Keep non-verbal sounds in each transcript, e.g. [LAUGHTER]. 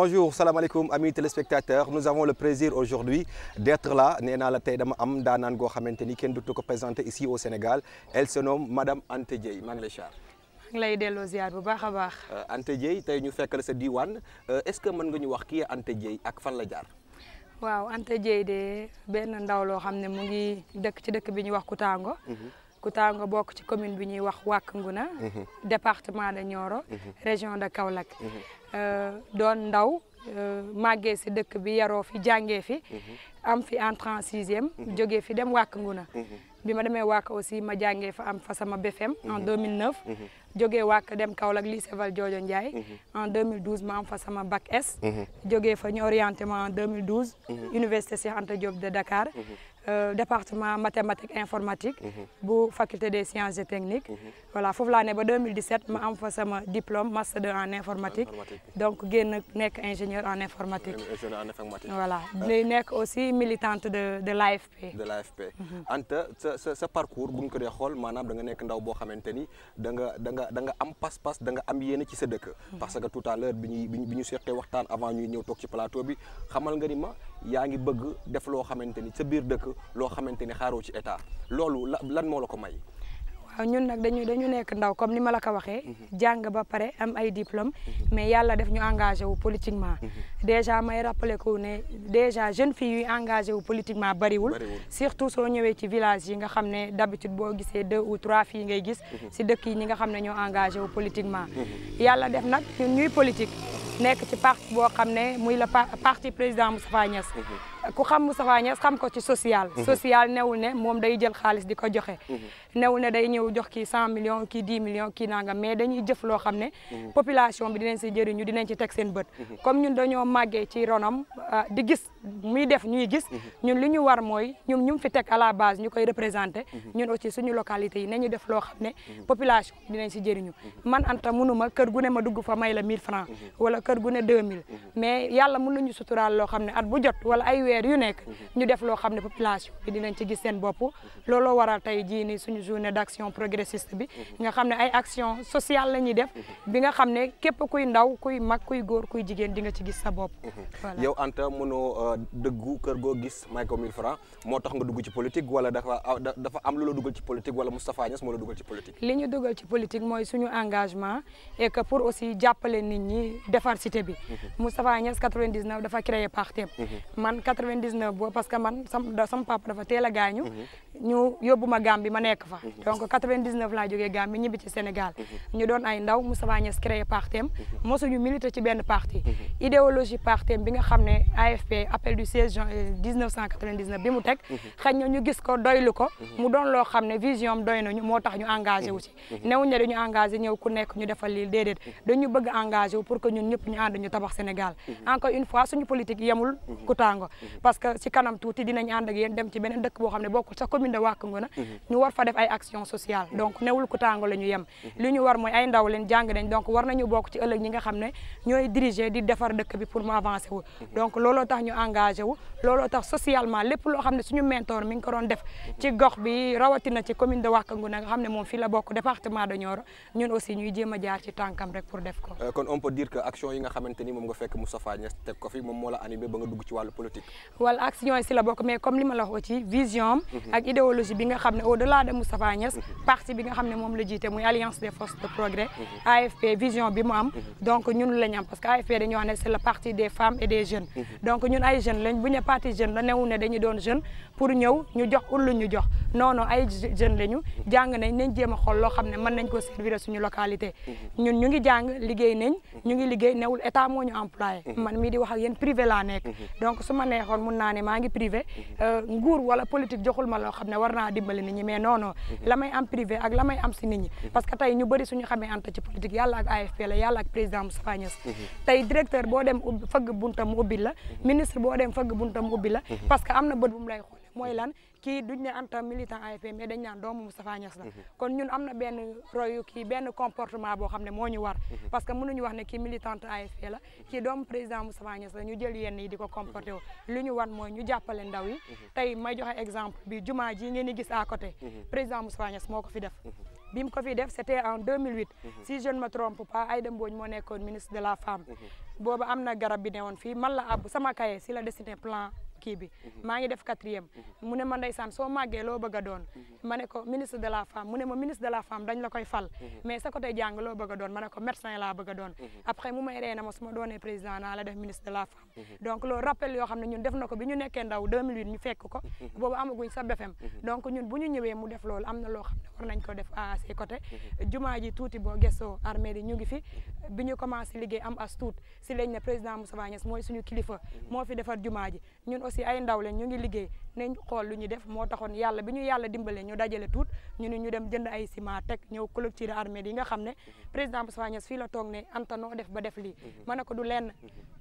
bonjour salaamaaleykum amis téléspectateurs nous avons le plaisir aujourd'hui d'être là nee naa la tey dama am daanaan goo xamante ni kenn dutu ko présenté ici au Sénégal elle se nomme madame Anta Dieye maa ngi lay char maa ngi lay delloo ziar bu baax a baax euh, ante Dieye tey ñu fekk la sa diwaan euh, est-ce que mën nga ñu wax kii ante Dieye ak fan la jaar waaw ante Dieye de benn ndaw loo xam ne mu ngi dëkk ci dëkk bi ñuy wax Koutango mhm. Koutango bokk ci commune bi ñuy wax Wack Ngouna mhm. département de Nioro mhm. région de Kaolack Euh, doon ndaw euh, màggee si dëkk bi yaroo fi jàngee fi mhm. am fi entrée en sixième mhm. jógee fi dem wàkk nguna mhm. bi ma demee wàkk aussi ma jàngee fa am fa sama BFM en 2009 jógee wàkk dem Kaolack lycée Valdiodio Ndiaye. Mhm. en 2012 ma am fa sama bac S. Mhm. jógee fa ñu orienté ma en 2012. Mhm. université Cheikh Anta Diop de Dakar. Euh, département mathématique informatique. bu faculté des sciences technique techniques. voilà foofu laa ne ba 2017 ma am fa sama diplôme master 2 en informatique. donc génn nekk ingénieur en informatique. ingénieur en informatique. voilà euh. di nekk aussi militante de de l'AFP. de l'AFP Anta sa sa parcours bu ñu ko dee xool maanaam da nga nekk ndaw boo xamante ni da da nga nga am pas-pas da nga am yéene ci sa dëkk parce que tout à l'heure bi ñuy ñu seqee waxtaan avant ñuy ñëw toog ci plateau bi xamal nga ni ma yaa ngi bëgg def loo xamante ni sa biir dëkk loo xamante ni xaaroo ci état loolu lan moo la ko may Ah, ñun nag dañu dañu nekk ndaw comme ni ma la ko waxee mhm. jàng ba pare am ay diplôme mhm. mais yàlla def ñu engagé wu politiquement mhm. déjà may rappelé ko ne déjà jeune fille yuy engagé wu politiquement bariwul surtout soo ñëwee ci village yi nga xam ne d'habitude boo gisee deux ou trois filles ngay gis si dëkk yi ñi nga xam ne ñoo engagé politiquement yàlla def nag ñun ñuy politique nekk ci parti boo xam ne muy la parti président Moustapha Niass ku xam Moustapha Niass xam ko ci social mhm. social new ne moom day jël xaalis di ko joxe mhm. new ne day ñëw jox kii cent million kii dix million kii nangam mais dañuy jëf loo xam ne mhm. population bi dinañ si jëriñu dinañ ci teg seen bët comme ñun dañoo màggee ci ronam ah, di gis muy def ñuy gis ñun li ñu war mooy ñun ñu fi teg à la base ñu koy représenté ñun aussi suñu localité yi nañu def loo xam ne population dinañ si jëriñu man Anta mënuma kër gu ne ma dugg fa may la mille francs wala kër gu ne deux mille mais yàlla mën nañu suturaal loo xam ne at bu jot wala ay weer yu nekk ñu def loo xam ne population bi dinañ ci gis seen bopp looloo waral tey jii ni suñu journée d' action progressiste bi nga xam ne ay action sociale la ñuy def bi nga xam ne képp kuy ndaw kuy mag kuy góor kuy jigéen di nga ci gis sa bopp voilà yow Anta mënoo euh, dëggu kër goo gis may ko 1000 francs moo tax nga dugg ci politique wala dafa ah, dafa am lu la dugal ci politique wala Moustapha Niass moo la ci politique li ñu dugal ci politique mooy suñu engagement et que pour aussi jàppale nit ñi defar cité bi mhm. Moustapha Niass 99 dafa créer parti mhm. man 99 boobu parce que man sam sama papa dafa teel a gaañu. Mhm. ñu yóbbu ma Gambie ma nekk fa. Mhm. donc 99 laa jógee Gambie ñibbi ci Sénégal. Mhm. ñu doon ay ndaw mu Moustapha Niasse créé partem mosuñu militer ci benn parti. idéologie partem bi nga xam ne AFP appel du 16 juin 1999 euh, bi mu teg. xëy na ñu gis ko doylu ko. mu doon loo xam ne vision am doy nañu moo tax ñu engagé wu ci. newuñ ne dañu engagé ñëw ku nekk ñu defal lii déedéet dañu bëgg engagé wu pour que ñun ñëpp ñu ànd ñu tabax Sénégal. encore une fois suñu politique yemul Koutango. parce que ci kanam tuuti dinañ ànd ak yéen dem ci beneen dëkk boo xam ne bokkul sa commune de Wack Ngouna mhm. ñu war fa def ay action sociale donc newul ku tàngo la ñu yem mhm. li ñu war mooy ay ndaw leen jàng nañ donc war ñu bokk ci ëllëg ñi nga xam ne ñooy diriger di defar dëkk bi pour mu avancer wu mhm. looloo tax ñu engagé wu looloo tax socialement lépp loo xam ne suñu mentor mi ngi ko doon def ci gox bi rawatina ci commune de Wack Ngouna nga xam ne moom fii la bokk département de Nioro ñun aussi ñuy jéem a jaar ci tànkam rek pour def ko euh, xamante ni moom nga fekk Moustapha Niass teg ko fi moom wala action yi si la bokk mais comme li wax ci vision mhm. ak idéologie bi nga xam ne au delà de Moustapha Niass mhm. parti bi nga xam ne moom la jiite muy alliance des forces de progrès mhm. AFP vision bi mu am donc ñun lañ am parce que AFP dañu wax ne c'est le parti des femmes et des jeunes donc ñun ay jeunes lañ bu ñu parti jeune la newu ne dañu doon jeune pour ñëw ñu jox ullu ñu jox non non ay jeunes lañu jàng nañ nañ jéem a xool loo xam ne mën nañ ko servir suñu localité ñun ñu ngi jàng liggéey nañ ñu ngi liggéey newul état moo ñu man mii di wax ak yéen privé laa nekk su ma neex neexoon mun naa ne maa ngi privé euh, nguur wala politique joxul ma loo xam ne war naa dimbali nit ñi mais non non mhm. la may am privé ak lamay am si nit ñi mhm. parce que tey ñu bëri suñu xamee Anta ci politique yàlla ak AFP la yàlla ak président Moustapha Niasse mhm. tey directeur boo dem fëgg buntam mu ubbi la ministre boo dem fëgg buntam mu ubbi la parce que am na bët bu mu lay xool mooy lan kii duñ ne Anta militant AFP mais dañ naan doomu Moustapha Niass la mhm. kon ñun am na benn royu kii benn comportement boo xam ne moo ñu war mhm. parce que mënuñu wax ne ki militante AFP la kii doomu président Moustapha Niass la ñu jël yenn yi di ko comporté wo mhm. li ñu wan mooy ñu jàppale ndaw yi tey may joxe exemple bi jumaa ji ngeen di gis à côté président Moustapha Niass moo ko fi def bi ko fi def c'était en 2008 si je ne me trompe pas Aïda Mbodj moo la femme boobu am na garab bi ne woon fii man la abbu sama kaye la dessiné plan kii bi mhm. maa ngi def quatrième mhm. mu ne ma ndeysaan soo màggee loo bëgg doon mhm. ma ne ko ministre de la femme mu ne ma ministre de la femme dañ la koy fal mais sa côté loo bëgg doon ma ne ko médecin laa bëgg doon après mu may def na ko bi ñu nekkee ndaw 2008 ñu fekk ko boobu amaguñ sa BFEM donc ñun bu ñu ñëwee mu def loolu am na loo xam ne war nañ ko def à ses jumaa ji tuuti boo gestoo armée yi ñu ngi fi bi ñu commencé liggéey am as tuut si ay ndaw lañ ñu ngi liggéey nañ xool lu ñu def moo taxoon yàlla bi ñu yàlla dimbale ñu dajale tuut ñu ne ñu dem jënd ay ciment teg ñëw clôture armée yi nga xam ne président Moussa Niass si la toog ne Anta noo def ba def lii mhm. ma ne ko du lenn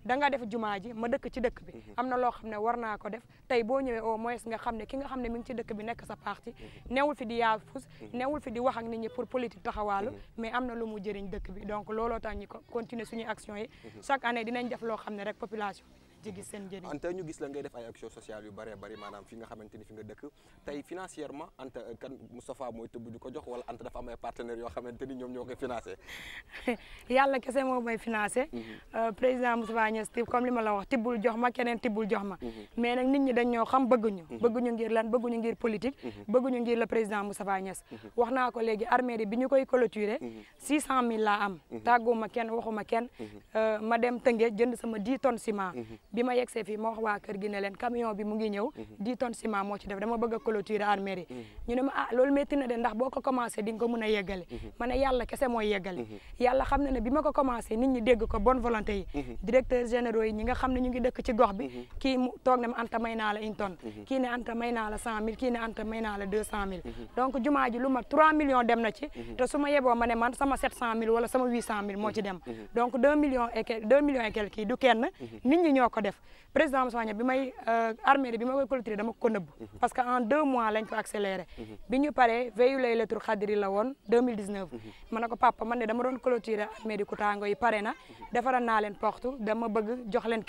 da def jumaa ji ma dëkk ci dëkk bi mhm. am na loo xam ne war naa ko def tey boo ñëwee au moins nga xam ne ki nga xam ne mi ngi ci dëkk bi nekk sa parti mhm. newul fi di yaafus newul fi di wax ak nit ñi pour politique taxawaalu mais am na lu mu jëriñ dëkk bi donc looloo tax ñi ko continuer suñu action yi chaque année dinañ def loo xam ne rek population di gis seen njëriñ Anta ñu gis la ngay def ay action sociale yu bëree bëri maanaam fi nga xamante ni fi nga dëkk tey financièrement Anta kan Moustapha mooy tëbb di ko jox wala Anta dafa am ay partenaires yoo xamante ni ñoom ñoo koy financé [LAUGHS] yàlla kese moo may finance mhm. euh, président Moustapha Niass tib comme li ma la wax tibbul jox ma keneen tibbul jox ma mhm. mais nag nit ñi dañ ñoo xam bëgguñu mhm. bëgguñu ngir lan bëgguñu ngir politique bëgguñu ngir le président Moustapha Niass wax naa ko léegi armée bi ñu koy clôturer six cent mille laa am tàgguma kenn waxuma kenn euh, ma dem tënge jënd sama dix tonnes ciment bi ma yegsee fii ma wax waa kër gi bi mu ngi ñëw 10 mhm. tonnes ciment moo ci def dama bëgg a clôturer armeri mhm. ñu ne ah, loolu métti na de ndax boo ko commencé di nga a yeggale mhm. ma ne yàlla kese mooy yeggale yàlla xam na ne bi ma ko commencé nit ñi dégg ko bon volonté yi directeurs généraux yi ñi nga xam ne ñu ngi dëkk ci gox bi kii toog ne anta may naa la une tonne kii ne anta may naa la cent mille kii ne anta may la deux cent mille donc jumaa ji lu trois millions na ci te su ma yeboo ma ne man sama sept cent et quelques deux millions et quelques kii du kenn nit ko ko def président Moussa Niass bi may euh, armée bi ma koy clôturer dama ko nëbb mhm. parce que en deux mois lañ ko accéléré mhm. bi ñu paree veillu laylatul xadri la woon 2019 mhm. ma ne ko papa man ne dama doon clôturer armée di Koutango yi pare na defaral naa leen porte dama bëgg jox leen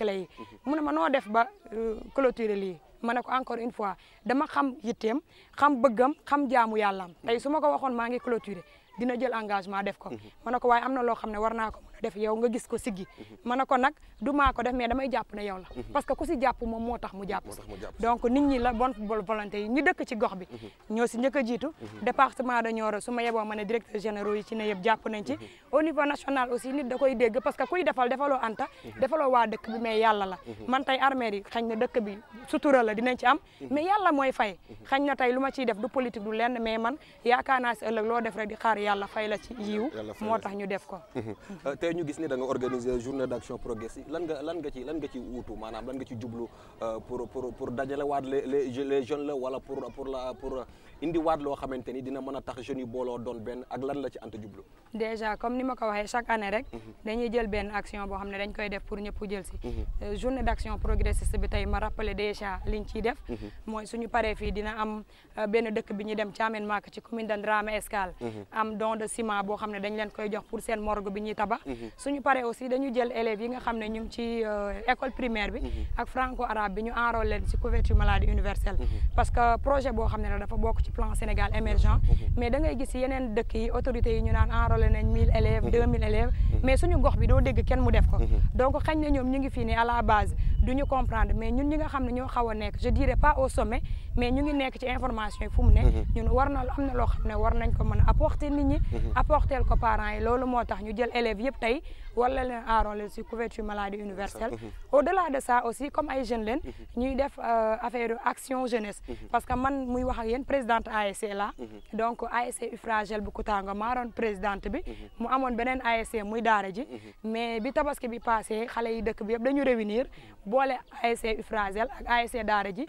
mu ne ma noo def ba euh, clôturer lii ma ne ko encore une fois dama xam yitteem xam bëggam xam jaamu yàllaam tey su ma ko waxoon maa ngi dina jël engagement def ko ma ne ko waaye am na loo xam ne war def yow nga gis ko siggi mhm. ma ne ko nag du maa ko def mais damay jàpp ne yow la mhm. parce que ku si jàpp moom moo tax mu jàpp donc nit ñi la bonne volonté yi ñi dëkk ci bi mhm. ñoo si njëkk a jiitu département de Nioro su ma yeboo ma ne directeur généraux yi ci ne yëpp jàpp nañ ci au niveau national aussi nit da koy dégg parce que kuy defal defaloo Anta defaloo waa dëkk bi mais yàlla la man tey armée yi xañ na dëkk bi sutura la dinañ ci am mais yàlla mooy fay xañ na tey lu ma ciy def du politique du lenn mais man yaakaar naa si ëllëg loo def rek di xaar yàlla fay la ci yiw moo tax ñu def ko [LAUGHS] tey ñu gis ni danga nga organiser journée d'action progressive lan nga lan nga ci lan nga maanaam lan nga ci jublu euh, pour pour pour dajale waat les les jeunes la wala pour pour la pour indiwaat loo xamante ni dina mën a tax jeunes yi booloo doon benn ak lan la ci Anta jublu déjà comme ni ma ko waxee chaque année rek mhm. dañuy jël benn action boo xam ne dañ koy def pour ñëpp jël si mhm. euh, journée d'action progressiste bi tey ma rappelé déjà liñ mhm. am euh, benn dëkk commune de Ndramé Escale am don boo xam ne dañ leen koy jox pour seen morgue bi ñuy tabax suñu paree aussi dañu jël élèves yi nga xam ne ñu ngi ci euh, école primaire bi ak franco arabe bi ñu enrôle leen si couverture maladie universelle parce que projet boo xam ne dafa bokk ci ci plan Sénégal émergent mm-hmm. Mm-hmm. mais da ngay gis yeneen dëkk yi autorité yi ñu naan enrôlé nañ mille élèves mm-hmm. deux mille élèves mais suñu gox bi doo dégg kenn mu def ko donc xañ na ñoom ñu ngi fii ni à la base du ñu comprendre mais ñun ñi nga xam ne ñoo xaw a nekk je dirais pas au sommet mais ñu ngi nekk ci information yi fu mu ne mhm. ñun war na am na loo xam ne war nañ ko mën a apporter nit ñi mhm. apporter ko parents yi loolu moo tax ñu jël élèves yëpp tey wala leen aaroon leen si couverture maladi universelle mhm. au delà de ça aussi comme ay len leen ñuy def euh, affaire action jeunesse parce que man muy wax ak yéen présidente ASC la donc ASC Ufragel bu Koutango maa doon présidente bi mu amoon beneen ASC muy daara ji mais bi tabaski bi passé xale yi dëkk bi yëpp dañu réunir boole ASC ak ASC ji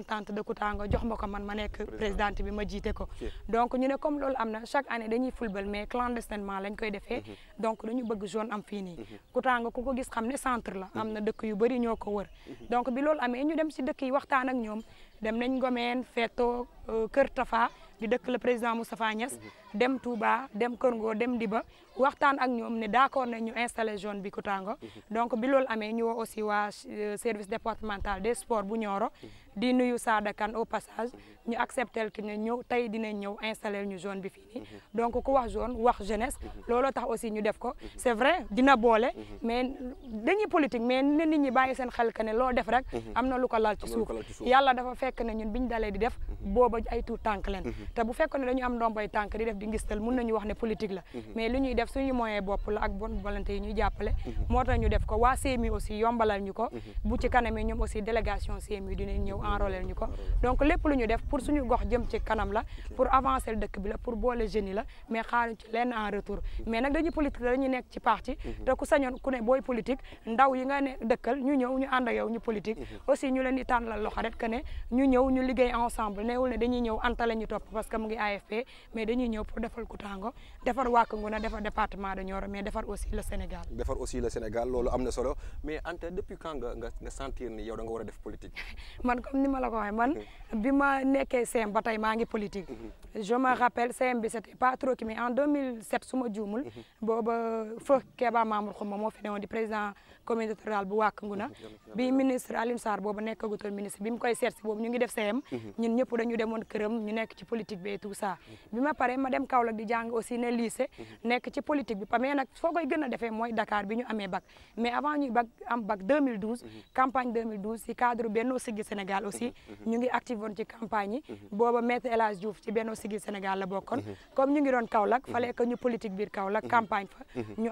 intendante de Koutango jox ma ko man ma nekk présidente bi ma jiite ko donc ñu ne comme loolu am na chaque année dañuy football mais clandestinement lañ koy defee mhm. donc dañu bëgg zone am fii nii mhm. ku ko gis xam ne centre la am na mhm. dëkk yu bëri ñoo ko wër donc bi loolu amee ñu dem si dëkk yi waxtaan ñoom dem nañ Ngomeen Feeto euh, Kër Tafa di dëkk la président Moustapha Niass dem Touba dem Kër Ngor dem Diba waxtaan ak ñoom ne d'accord na ñu installé zone bi Koutango mhm. donc bi loolu amee ñu woo aussi waa euh, service départemental des sports bu Nioro mhm. di nuyu Sada Kane au passage mhm. ñu accepté que ne ñëw tey dinañ ñëw installé ñu zone bi fii donc ku wax zone wax jeunesse looloo tax aussi ñu def ko c'est vrai dina boole mais dañuy politique mais ne nit ñi bàyyi seen xel que ne loo def rek am na lu ko laal ci suuf yàlla dafa fekk ne ñun biñ dalee di def booba ay tuut tànk leen te bu fekkoon ne dañu am ndombay tànk di def di ngistal mun nañu wax ne politique la mhm. mais li ñuy def suñu moyen bopp la ak bonne volonté yi ñuy jàppale mhm. moo tax ñu def ko waa CMU aussi yombalal ñu ko mhm. bu ci kanamee ñoom aussi délégation CMU dinañ ñëw enrôler ko donc lépp lu ñu pour suñu gox jëm ci kanam la pour avancer dëkk bi la pour boole jeunes yi la mais xaaruñ ci lenn en retour mais nag dañuy nekk ci parti te ku sañoon ku ne yi nga ne dëkkal ñu ñëw ñu ànd ak yow ñu politique aussi ñu leen di tànnal loxo rek que ne ñu ñëw ñu liggéey ensemble neewul ne dañuy ñëw antale ñu topp parce que mu ngi AFP mais dañuy ñëw pour defal Koutango defar Wack Ngouna defar département de Nioro mais defar aussi la Sénégal. defar aussi le Sénégal loolu am na solo mais Anta depuis quand nga nga nga sentir ni yow da nga war def politique. [LAUGHS] man comme ni ma la ko waxee man mm-hmm. bi ma nekkee CEM ba tey ngi politique. Mm-hmm. je me rappelle CM bi c'était pas trop kii mais en 2007 su ma juumul. Mhm. booba feu Kéba Mamour Khouma moo fi newoon di président communauté rurale bu Wack Ngouna. Mhm. bi ministre Alioune Sarr booba nekkagutoon ministre bi mu koy seet si boobu ñu ngi def CM. Mhm. ñun ñëpp dañu demoon këram ñu nekk ci politique bi et tout ça. bi ma paree ma dem Kaolack di jàng aussi ne lycée. nekk ci politique bi mais nag foo koy gën a defee mooy Dakar bi ñu amee bac mais avant ñuy bac am bac 2012. campagne 2012 si cadre Benno Siggi Sénégal aussi. ñu ngi active woon ci campagne yi. booba maître El Hadj Diouf ci Benno Siggil Sénégal la bokkoon mhm. comme ñu ngi doon Kaolack mhm. fallait que biir Kaolack mhm. campagne fa ñu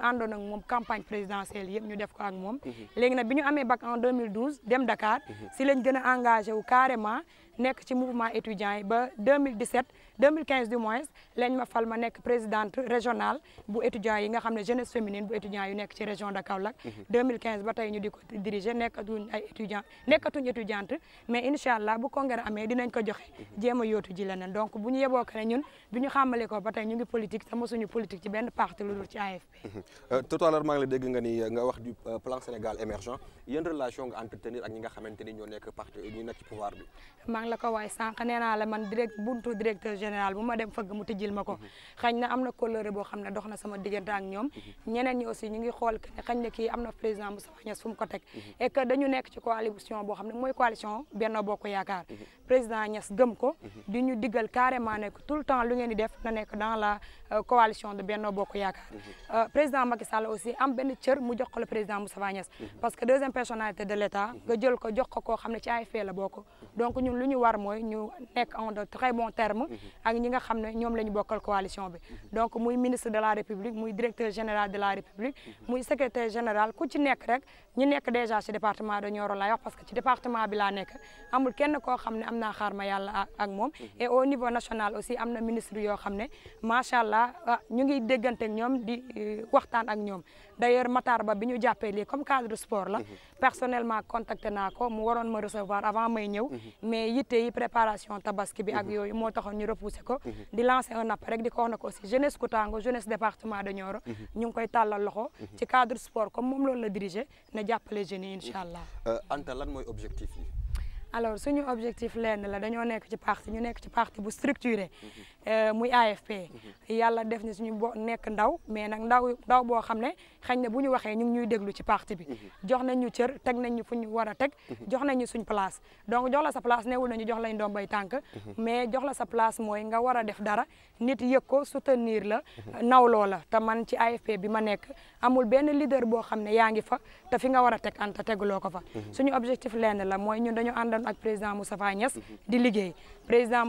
moom campagne présidentielle yëpp ñu def moom léegi nag bi ñu amee bac en 2012 dem Dakar si lañ engagé wu carrément nekk ci mouvement étudiant yi ba 2017 2015 du moins lañ ma fal ma nekk présidente régionale bu étudiant yi nga xam ne jeunesse féminine bu étudiant yu nekk ci région de Kaolack 2015 mhm. ba tey ñu di ko diriger nekkatuñ ay étudiant nekkatuñ étudiante mais incha allah bu congrès amee dinañ ko joxe mhm. jéem a yootu ji leneen donc bu ñu yeboo ko ne ñun bi ñu ko ba tey ñu ngi politique te mosuñu politique ci benn parti lu dul ci AFP mhm. euh, tout à l'heure maa ngi la dégg nga ni euh, nga wax du euh, plan Sénégal émergent relation nga entretenir ak ñi nga xamante ni ñoo nekk parti ñi nekk ci pouvoir bi la ko waaye sànq nee naa la man direct buntu directeur général bu ma dem fëgg mu tijjil ma ko mhm. xañ na am na coloré boo xam ne dox na sama diggante ak ñoom mhm. ñeneen ñi aussi ñu ngi xool que na kii am na président mu ko teg mhm. et que dañu nekk ci coalition boo xam ne mooy coalition Benno Bokk Yaakaar président Niasse gëm ko di ñu diggal carrément nekk tout le temps lu ngeen di la Euh, coalition de Benno Bokk Yaakaar mhm. euh, président Macky Sall aussi am benn cër mu jox ko le président Moustapha Niass mhm. parce que deuxième personnalité de l'État mhm. nga jël ko jox ko koo xam ne ci ay fee la bokk donc ñun lu ñu war mooy ñu nekk en de très bons termes ak ñi nga xam ne ñoom la ñu bokkal coalition bi donc muy ministre de la République muy directeur général de la République muy secrétaire général ku ci nekk rek ñu nekk déjà ci département de Nioro la wax parce que ci département bi laa nekk amul kenn koo xam ne am naa xaar ma yàlla ak moom et au national aussi am na ministre yoo xam ne macha allah allah ah ñu ngi déggante ñoom di eh, waxtaan ak ñoom d'ailleurs Matar Ba bi ñu jàppee lii comme cadre sport la mhm. personnellement contacté naa ko mu waroon ma recevoir avant may ñëw mhm. mais yitte yi préparation tabaski bi ak mhm. yooyu moo taxoon ñu repoussé ko di lancer un appel rek di ko wax na ko aussi jeunesse Koutango jeunesse département de Nioro ñu ngi koy tàllal loxo ci cadre sport comme moom loolu la diriger na jàppale jeunes yi incha allah euh, Anta lan mooy objectif yi alors suñu objectif lenn la dañoo nekk ci parti ñu nekk ci parti bu structuré Euh, muy AFP mhm. yàlla def ñu suñu bo nekk ndaw mais nag ndaw ndaw boo xam ne xañ na bu ñu waxee ñu ngi ñuy déglu ci parti bi mhm. jox nañ ñu cër teg nañ ñu fu ñu war a teg mhm. jox nañ ñu suñ place donc jox la sa place newul nañu jox lañ doom bay tànk mais jox la sa place mooy nga war a def dara nit yëg ko soutenir la nawloo la te man ci AFP bi ma nekk amul benn leader boo xam ne yaa ngi fa te fi nga war a teg anta teguloo ko fa suñu objectif lenn la mooy ñun dañu àndoon ak président Moustapha Niass di liggéey président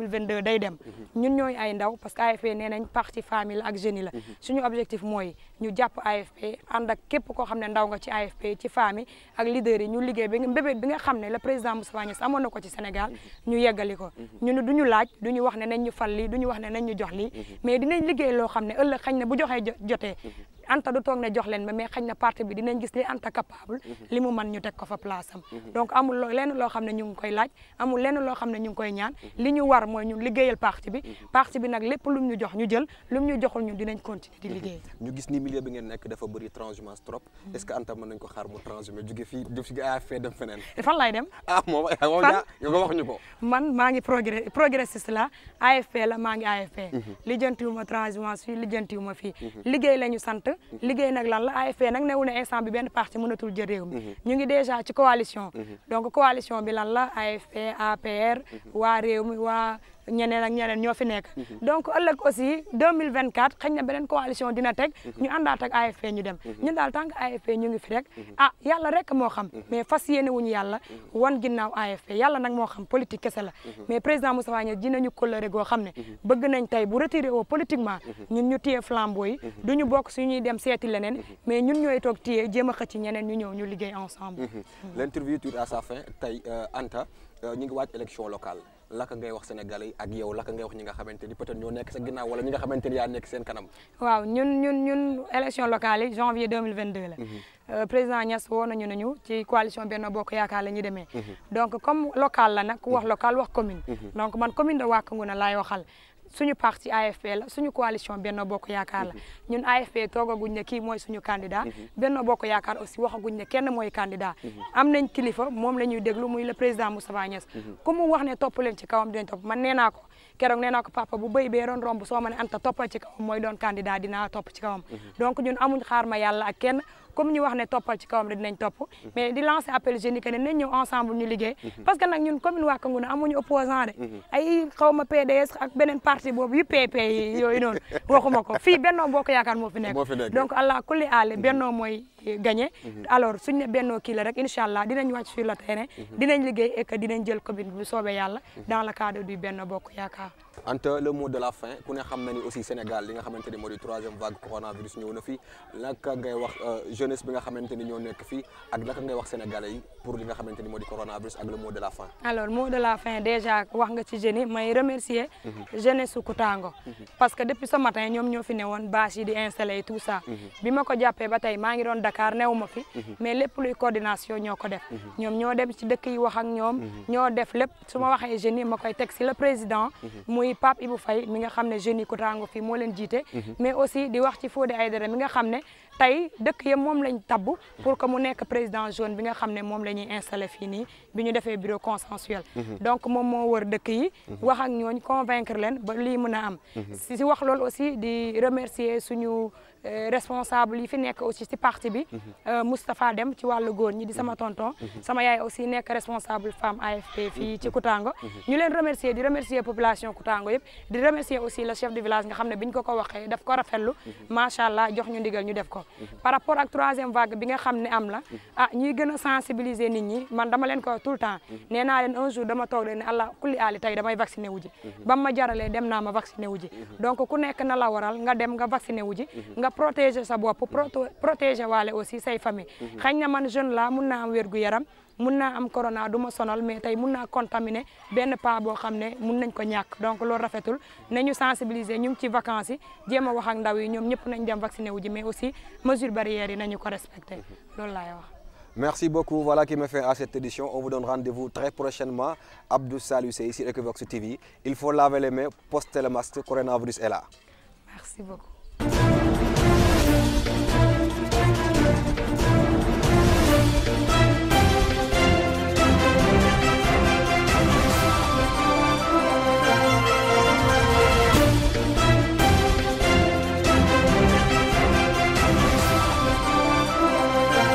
2022 day dem mhm. ñun ñooy ay ndaw parce que AFP nee nañ parti famille ak jeunes la mhm. suñu objectif mooy ñu jàpp AFP ànd ak képp koo xam ne ndaw ga ci AFP ci famille ak leader yi ñu liggéey ba mbébét bi nga xam ne le président Moustapha Niasse amoon na ko ci Sénégal mhm. ñu yeggali ko ñu ne du ñu laaj du ñu wax ne nañ ñu fal lii du ñu wax ne nañ ñu jox li mais dinañ liggéey loo xam ne ëllëg xañ ne bu joxee jotee Anta du toog ne jox leen ma mais xañ na parti bi dinañ gis li Anta capable mhm. li mu mën ñu teg ko fa place am mhm. donc loo lenn loo xam ne ñu ngi koy laaj amul lenn loo xam ne ñu ngi koy ñaan mhm. li ñu war mooy ñun liggéeyal parti bi parti bi nag lépp lum ñu jox ñu jël lum ñu joxul ñun dinañ continuer di liggéey ñu gis ni milieu bi ngeen nekk dafa bëri transhumance trop est-ce que Anta mën nañ ko xaar mu transhumer jóge fii def si ay dem feneen [LAUGHS] fan lay dem ah moom wax ñu ko man maa ngi progrès progressiste la AFP la maa ngi AFP lijjantiwuma transhumance fii lijjantiwuma fii liggéey lañu sant Mmh. liggéey nag lan la AFP nag newul ne instant bi benn parti mënatul jël réew mi mmh. ñu ngi déjà ci coalition mmh. donc coalition bi lan la AFP APR waa réew mi waa ñeneen ak ñeneen ñoo fi nekk mhm. donc ëllëg aussi 2024 xëy na beneen coalition dina teg mhm. ñu àndaat ak AFP ñu dem mhm. ñu daal tant que AFP ñu ngi fi rek ah rek mo xam mais fas yéene ñu yàlla wan ginnaaw AFP yàlla nag moo xam politique kese la mais président Moustapha Niasse dinañu coloré goo xam ne bëgg nañ tey bu retiré woo politiquement ñun ñu téye flambeau yi ñu bokk suñuy dem seeti leneen mais ñun ñooy toog téye jéem a xëcc ñeneen ñu ñëw ñu liggéey ensemble l'interview tire à sa fin tey euh, Anta euh, ñu ngi waaj élection locale laka ngay wax Sénégalais yi ak yow laka ngay wax ñi nga xamante ni peut-être ñoo nekk sa ginnaaw wala ñi nga nekk seen kanam. waaw ñun ñun élection locale yi janvier 2022 la. Mhm. Euh, président Niass woo nañu nañu ci coalition Benno Bokk Yaakaar la ñuy mhm. donc comme local la nag wax mhm. local wax commune. donc man commune de Wack Ngouna laay waxal. suñu parti AFP la suñu coalition Benno Bokk Yaakaar la mhm. ñun AFP toogaguñ ne kii mooy suñu candidat mhm. Benno Bokk Yaakaar aussi waxaguñ ne kenn mooy candidat mhm. am nañ kilifa moom la ñuy déglu mu le président Moustapha Niass ku mu wax ne topp leen ci kawam dinañ topp man nee naa ko keroog nee naa ko papa bu béy bee doon romb soo ma ne Anta toppal ci kawam mooy doon candidat dinaa topp ci kawam donc ñun amuñ xaar ma yàlla ak kenn comme ñu wax ne toppal ci kawam rek dinañ topp mhm. mais di lancer appel jeunes yi que ne nañ ensemble ñu liggéey mhm. parce que nag ñun commune Wack Ngouna amuñu opposant de mhm. ay xaw ma PDS ak beneen parti boobu yu PP yi yooyu noonu [LAUGHS] waxuma ko fii Benno Bokk Yaakaar moo fi nekk donc allah kulli aale Benno mooy gagné mhm. alors suñ ne bennoo kii rek incha dinañ wàcc sur le terrain mhm. dinañ liggéey et dinañ jël commune bu soobee yàlla mhm. dans le cadre du benn bokk yaakaar Anta le mot de la fin ku ne xam aussi Sénégal li nga xamante ni moo di troisième vague coronavirus ñëw na fi naka ngay wax euh, jeunesse bi nga xamante ni ñoo nekk fii ak naka ngay wax sénégalais yi li nga xamante ni moo di coronavirus ak le mot de la fin déjà wax nga ci jeunes may remercier Dakar new ma fi mhm. mais lépp luy coordination ñoo ko def mhm. ñoom ñoo dem ci dëkk yi wax ak mhm. def lépp su ma waxee jeunes yi ma koy teg si le président muy Pape Ibou Faye mi nga xam ne jeunes yi Koutango fii moo leen jiite mais aussi di wax ci Fodé Aïdara mi nga xam ne tey dëkk yëpp moom lañ tabb pour que mu nekk président zone bi nga xam ne moom la ñuy installé fii nii bi ñu defee bureau consensuel donc moom moo wër dëkk yi wax ak ñooñ convaincre leen ba li mën a am si wax loolu aussi Euh, responsable yi fi nekk aussi si parti bi mhm. euh, Moustapha Dem ci wàllu góor ñi di sama mhm. tonton mhm. sama yaay aussi nekk responsable femme AFP fii ci Koutango ñu leen remercier di remercier population Koutango yëpp di remercier aussi le chef de village nga xam ne bi ñu ko ko waxee daf ko rafetlu macha allah jox ñu ndigal ñu def ko par rapport ak troisième vague bi nga xam ne am na ah ñuy gën a sensibiliser nit ñi man dama leen ko tout le temps nee naa leen un jour dama toog leen ne allah kulli aali tey damay vacciné wu ji ba ma jaralee dem naa ma vacciné wu ji donc ku nekk na nga dem nga vacciné wu ji protéger sa bopp protéger waale aussi say famille mhm. xañ na man jeune la mun na am wér yaram mun naa am corona du ma sonal mais tey mun naa contaminé benn pa boo xam ne mun nañ ko ñàkk donc loolu rafetul na ñu sensibiliser ñu ngi ci vacances yi jéem a wax ak ndaw yi ñoom ñëpp nañ dem vacciné wu ji mais aussi mesures barrières yi nañu ko respecté mhm. loolu laay wax Merci beaucoup. Voilà qui me fait à cette édition. On vous donne rendez-vous très prochainement. Abdou Salou, c'est ici Equivox TV. Il faut laver les mains, poster le masque. Coronavirus est là. Merci